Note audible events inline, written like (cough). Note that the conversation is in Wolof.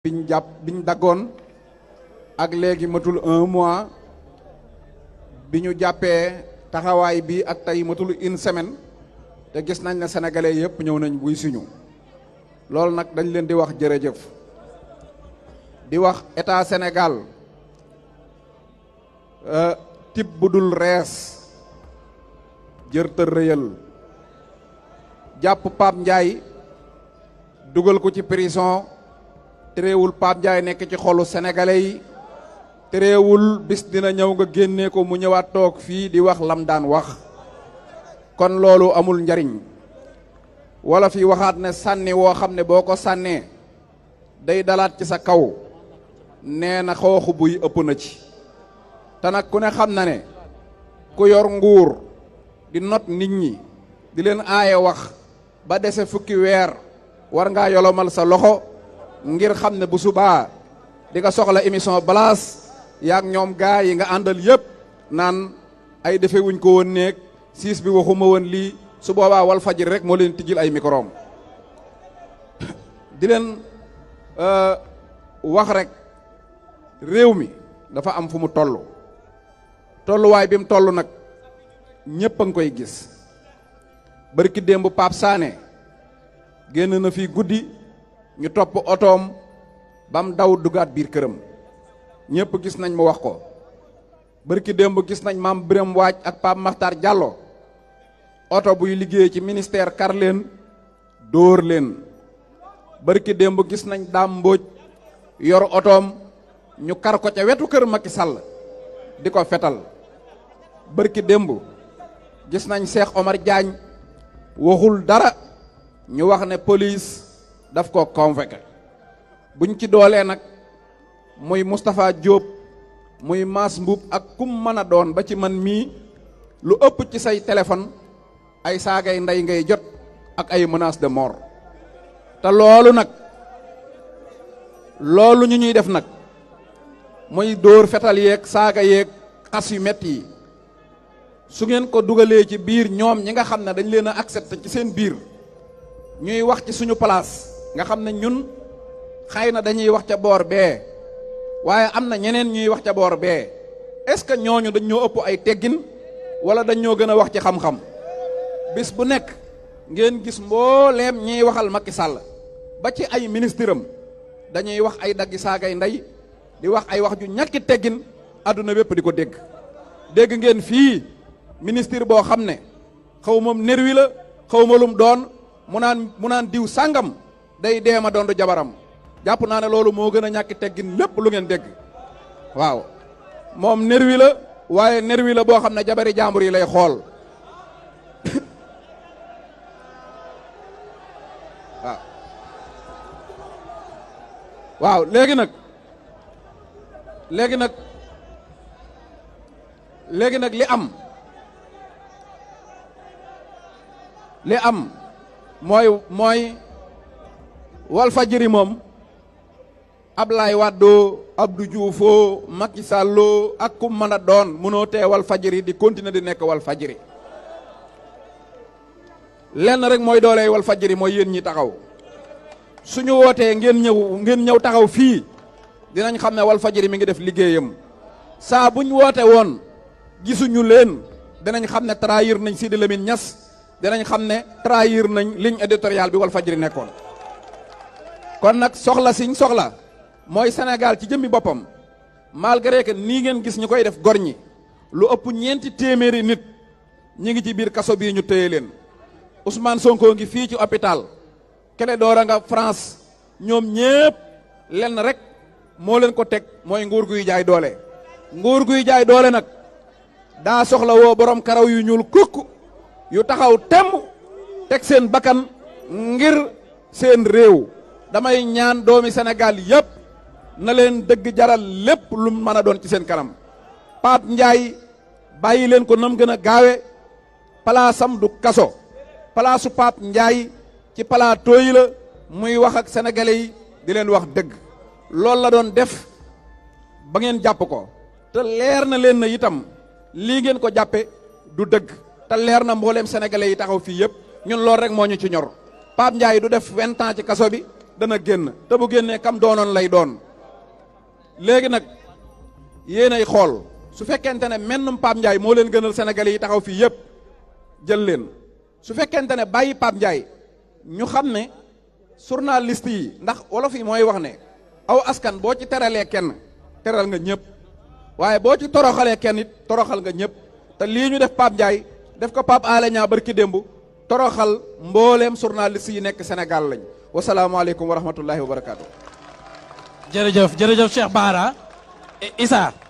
biñ jàpp biñ daggoon ak léegi matul un mois bi ñu jàppee taxawaay bi ak tey matul une semaine te gis nañ ne sénégalais yëpp ñëw nañ buy suñu loolu nag dañ leen di wax jërëjëf di wax état Sénégal euh, tib bu dul rees jërtë rëyal jàpp Pape njaay dugal ko ci prison tereewul Pape Ndiaye nekk ci xolu senegale yi tereewul bis dina ñëw nga génnee ko mu ñëwaat toog fii di wax lam daan wax kon loolu amul njariñ wala fi waxaat ne sànni woo xam ne boo ko sànnee day dalaat ci sa kaw nee na xooxu buy ëpp na ci te nag ku ne xam na ne ku yor nguur di not nit ñi di leen aaye wax ba dese fukki weer war ngaa yolomal sa loxo ngir xam ne bu subaa di nga soxla émission balaas yaag ñoom gaa yi nga àndal yëpp naan ay defe wuñ ko woon néeg siis bi waxuma woon lii su boobaa wal fajir rek moo leen tijjil ay microom di leen euh, wax rek réew mi dafa am fu mu tollu tolluwaay bi mu toll nag ñëpp a ngi koy gis bërki démb Pape Sané génn na fii guddi ñu topp otoom bam mu daw dugaat biir këram ñëpp gis nañ mu wax ko bërki démb gis nañ maam Birame Waaj ak Pape Makhtar Diallo oto buy liggéey ci ministère kar leen dóor leen bërki démb gis nañ daam mbóoj yor otoom ñu kar ko ca wetu kër Macky Sall di ko fetal bërki démb gis nañ Cheikh Omar Diagne waxul dara ñu wax ne poliis daf koo convoqué buñ ci doolee nag muy mustafaa jóop muy Mass Mboup ak kum mën a doon ba ci man mii lu ëpp ci say téléphone ay saagay ndey ngay jot ak ay mënaas de mort te loolu nag loolu ñu ñuy def nag muy dóor fetal yeeg saaga yeeg xas yu metti yi su ngeen ko dugalee ci biir ñoom ñi nga xam ne dañ leen a accepté ci seen biir ñuy wax ci suñu palaas nga xam ne ñun xëy na dañuy wax ca boor bee waaye am na ñeneen ñuy wax ca boor bee est-ce que ñooñu dañ ñoo ëpp ay teggin wala dañ ñoo gën a wax ci xam-xam bis bu nekk ngeen gis mbooleem ñuy waxal Macky Sall ba ci ay ministre am dañuy wax ay daggi saagay ndey di wax ay wax ju ñàkki teggin àdduna bépp di ko dégg dégg ngeen fii ministre boo xam ne xaw moom nerwi la xaw ma lum doon mu naan mu naan diw sàngam day deema dondu jabaram jàpp naa ne loolu moo gën a ñàkk teggin lépp lu ngeen dégg waaw moom nerwi la waaye nerwi la boo xam ne jabari jàmbur yi lay xool (laughs) waaw léegi nag léegi nag léegi nag li am li am mooy mooy Walfadjri moom Ablaye Waddoo Abdou Dioufoo Macky Salloo ak ku mën a doon mënoo tee Walfadjri di continuer di nekk fajiri lenn rek mooy doole Walfadjri mooy yéen ñi taxaw suñu wootee ngeen ñëw ngeen ñëw taxaw fii dinañ xam ne Walfadjri mi ngi def liggéeyam saa buñ woote woon gisuñu leen dinañ xam ne trahir nañ Sidi Lamine Niass dinañ xam ne trahir nañ ligne éditoriale bi Walfadjri nekkoon kon nag soxla siñ soxla mooy Sénégal ci jëmmi boppam malgré que nii ngeen gis ñu koy def gor ñi lu ëpp ñeenti téeméeri nit ñi ngi ci biir kaso bii ñu téye leen Ousmane Sonko ngi fii ci hôpital Clédora nga France ñoom ñépp lenn rek moo leen ko teg mooy nguur guy jaay doole nguur guy jaay doole nag daa soxla woo borom karaw yu ñuul kukk yu taxaw temm teg seen bakkan ngir seen réew damay ñaan doomi Sénégal yépp na leen dëgg jaral lépp lu mën a doon ci seen kanam Pape Ndiaye bàyyi leen ko nam gën a gaawe palaasam du kaso palaasu Pape njaay ci plateau yi la muy wax ak sénégalais yi di leen wax dëgg loolu la doon def ba ngeen jàpp ko te leer na leen na itam lii ngeen ko jàppe du dëgg te leer na mbooleem sénégalais yi taxaw fii yépp ñun loolu rek moo ñu ci ñor Pape Ndiaye du def vingt ans ci kaso bi dana génn te bu génnee kam doonoon lay doon léegi nag yéenay xool su fekkente ne mennum Pape njaay moo leen gënal Sénégalais yi taxaw fii yépp jël leen su fekkente ne bàyyi Pape njaay ñu xam ne journaliste yi ndax wolof yi mooy wax ne aw askan boo ci teralee kenn teral nga ñëpp waaye boo ci toroxalee kenn it toroxal nga ñëpp te lii ñu def Pape Ndiaye def ko Pape Alé Niang barki démb toroxal mbooleem journaliste yi nekk Sénégal lañ wasalaamaaleykum wa rahmatullahi wa barakaatu. jërëjëf jërëjëf Cheikh Bara e, Issa